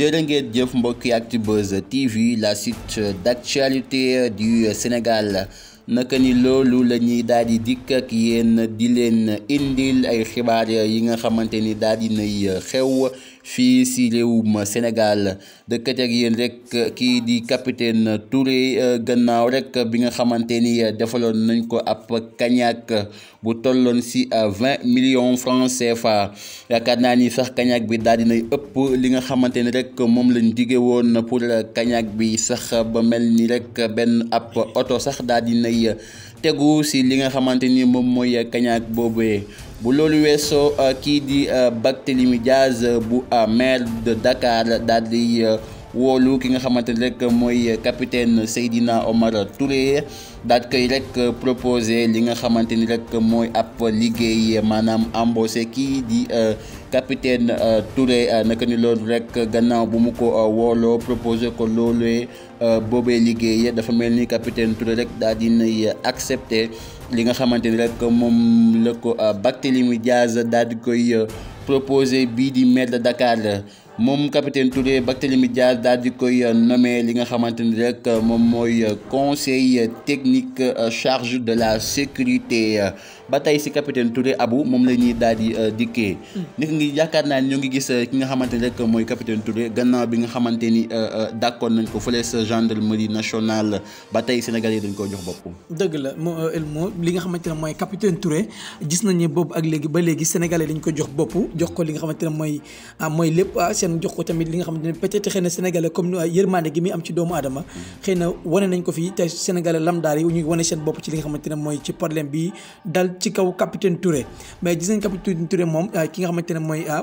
jërë ngeen jëf mbokki Actubuzz TV la suite d'actualité du Sénégal naka ni loolu la ñuy daal di dikk ak yéen di leen indil ay xibaar yi nga xamante ni daal di nay xew. fii si réewum Sénégal dëkkat ak yéen rek kii di capitaine Touré euh, gannaaw rek bi nga xamante ni defaloon nañ ko ab kañaak bu tolloon si euh, vingt million francs CFA yaakaar naa ni sax kañaak bi daldi nay ëpp li nga xamante ni rek moom lañ dige woon pour kañaak euh, bi sax ba mel ni rekk benn ab oto sax daal nay tegu si li nga xamante ni moom mooy kañaak boobee. bu loolu weesoo euh, kii di euh, Barthélémy Dias euh, bu maire de Dakar daal di woolu ki nga xamante ne rek mooy capitaine Seydina Omar Touré daat koy rek proposé li nga xamante ni rek mooy ab liggéey maanaam embauché kii di capitaine Touré naka ni loolu rek gannaaw bu mu ko wooloo proposé ko loolee boobee liggéey dafa mel ni capitaine Touré rek daal di nay accepté. li nga xamante ni rek moom la ko euh, Barthélémy Diaz daal di koy euh, proposé bii di maire de Dakar moom capitaine Touré Barthélémy Dias daal di koy euh, nommé li nga xamante ni rek euh, moom mooy euh, conseil technique charge de la sécurité ba tey si capitaine Touré Abou moom la ñuy daal di dikkee. Mm. nit ngi yaakaar naa ni ñoo ngi gis ki nga xamante ni rek mooy capitaine Touré gannaaw bi nga xamante ni d'accord nañ ko fële sa gendarmerie nationale ba tey Sénégal yi dañ koo jox bopp. dëgg la mo Elmo li nga xamante ne mooy capitaine Touré gis nañ ne boobu ak léegi ba léegi Sénégal dañ ko jox bopp jox ko li nga xamante ne mooy ah, mooy ah, askan jox ko tamit li nga xamante ne peut-être xëy na sénégalais comme yërmande gi muy am ci doomu aadama xëy wane nañ ko fii te sénégalais lamdaar yi ñuy wane seen bopp ci li nga xamante ne mooy ci problème bi dal ci kaw ah,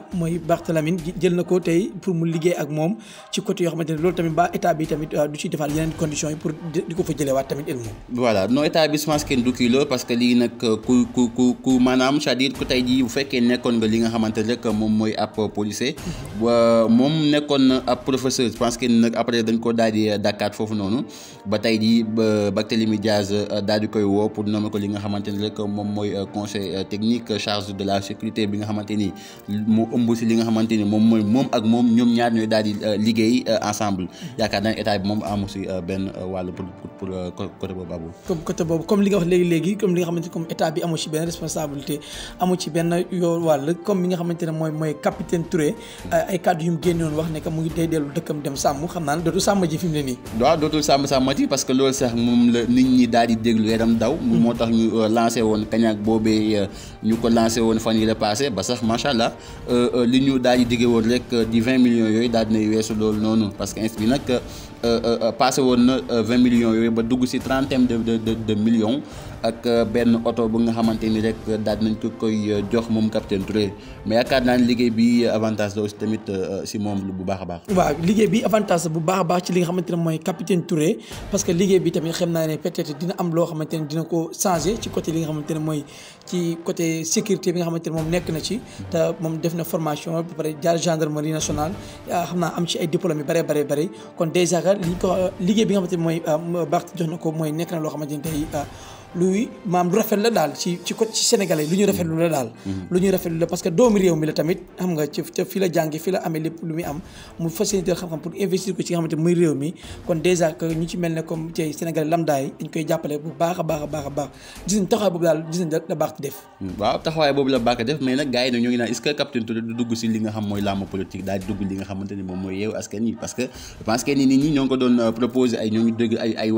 ah, na pour mu liggéey ak moom ci yoo xamante ne loolu tamit ba état bi tamit ah, du ci defal yeneen conditions yi pour di ko fa jëlewaat tamit ëllëg voilà non état bi je pense kenn du kii euh, nga li nga xamante moom mooy ab policier mhm. moom nekkoon na ab professeur je pense que nag après dañ ko daal di euh, dakkaat foofu noonu ba tey jii ba Barthélémy Diaz euh, daal koy woo pour nommer ko li nga xamante ni rek moom mooy euh, conseil technique charge de la sécurité bi nga xamante ni moo ëmb si li nga xamante ni moom mooy moom ak moom ñoom ñaar ñooy daal di liggéey ensemble yaakaar naa état bi moom amu si benn wàll pour pour côté boobu abul comme li nga wax léegi léegi comme li nga xamante ni comme état bi amu si benn responsabilité amu ci benn yoo wàll comme li nga xamante ne mooy mooy capitaine ñu mu wax ne que mu ngi day dellu dëkkam dem sàmm xam naa ne dootul sàmm ji fi mu ne nii. waaw dootul sàmm sàmmati parce que loolu sax moom la nit ñi daal di déglu yaram daw. Hmm. moo tax ñu euh, lancé woon kañaak boobee euh, ñu ko lancé woon fan yi la passé ba sax macha allah euh, li ñu daal di digge woon rek di vingt millions yooyu daal dinay weesu loolu noonu parce que instant bi nag passé woon na vingt millions yooyu ba dugg si trentaine de de de millions. ak euh, benn oto bu nga xamante ni rek daal nañ ko koy euh, jox moom capitaine Touré mais yaakaar naa ne liggéey bi euh, avantage la aussi tamit si moom bu baax a baax. waa liggéey bi avantage bu baax a baax ci li nga xamante ne mooy capitaine Touré parce que liggéey bi tamit xam naa ne peut-être dina am loo xamante ne dina ko changer ci côté li nga xamante ne mooy ci côté sécurité bi nga xamante ne moom nekk na ci. te moom def na formation ba pare jaar gendarmerie nationale xam naa am ci ay diplômes yu bëree bëri bëri kon déjà li ko liggéey bi nga xamante ne mooy Barth jox na ko mooy nekk na loo xamante ne tey. luy maam lu rafet la daal ci ci côté ci sénégalais lu ñu rafetlu la daal mhm. lu ñu rafetlu la parce que doomu réew mi la tamit xam nga ci ca la jàngi fii la amee lépp lu muy am mu faciliter xam-xam pour la baax def hmm, waaw taxawaay boobu la baax def mais nag gars yi nag ñoo ngi naan est que Captain Touré du dugg si li nga xam mooy làmb politique daal dugg li nga xamante moom mooy yeewu askan que je pense que ni nit ñi ñoo ko doon euh, proposer ay ñoo ñu dégg ay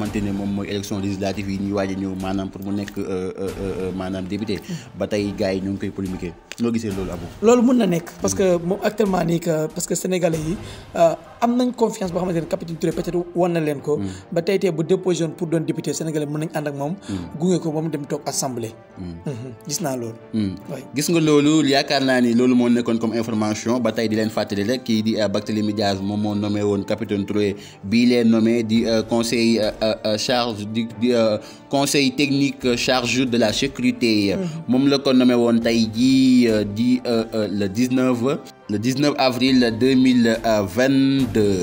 xamante ne moom mooy élection législative yi ñuy waaj a ñëw maanaam pour mu nekk euh, euh, euh, maanaam député mm. ba tey gars yi ñoo ngi koy polémiquer noo gisee loolu amul. loolu mun na nekk parce que moom actuellement nii que parce que sénégalais yi euh, am nañ confiance boo xamante ne capitaine Touré peut-être na leen ko. Mm. ba tey tey bu déposé pour doon député sénégalais mën nañ ànd ak moom. Mm. gunge ko ba mu dem toog assemblée. Mm. Mm-hmm. gis naa loolu. gis nga loolu yaakaar naa ni loolu moo nekkoon comme information ba tey di leen fàttali rek kii di euh, Barthélémy Dias moom moo nommé woon capitaine Touré bii leen nommé di euh, conseil charge di conseil technique charge de la sécurité. Mm-hmm. moom Euh, di euh, euh, le 19 le 19 avril 2022 Abou.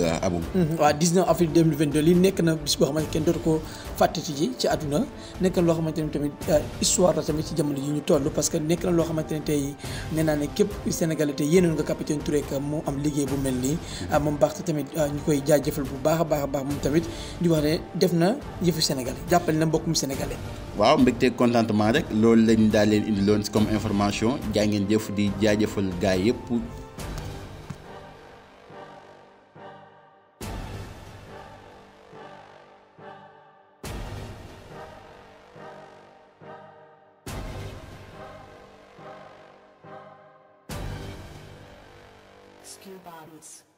Ah, ah mhm. waaw 19 avril 2022 li nekk na bis boo xamante kenn dootu ko fàttati ji ci àdduna nekk na loo xamante ne tamit histoire la tamit ci jamono yi ñu toll parce que nekk na loo xamante ne tey nee naa ne képp Sénégalais te yéenoon nga capitaine Touré mu am liggéey bu mel nii mhm. ah, moom baax tamit ñu koy jaajëfal bu baax baax a baax moom tamit di wax ne def na yëfu Sénégal jàppale na mbokkum Sénégalais. waaw mbégteeg contentement rek loolu lañ daal leen comme information jaa ngeen jëf di jaajëfal gaay yëpp. rescue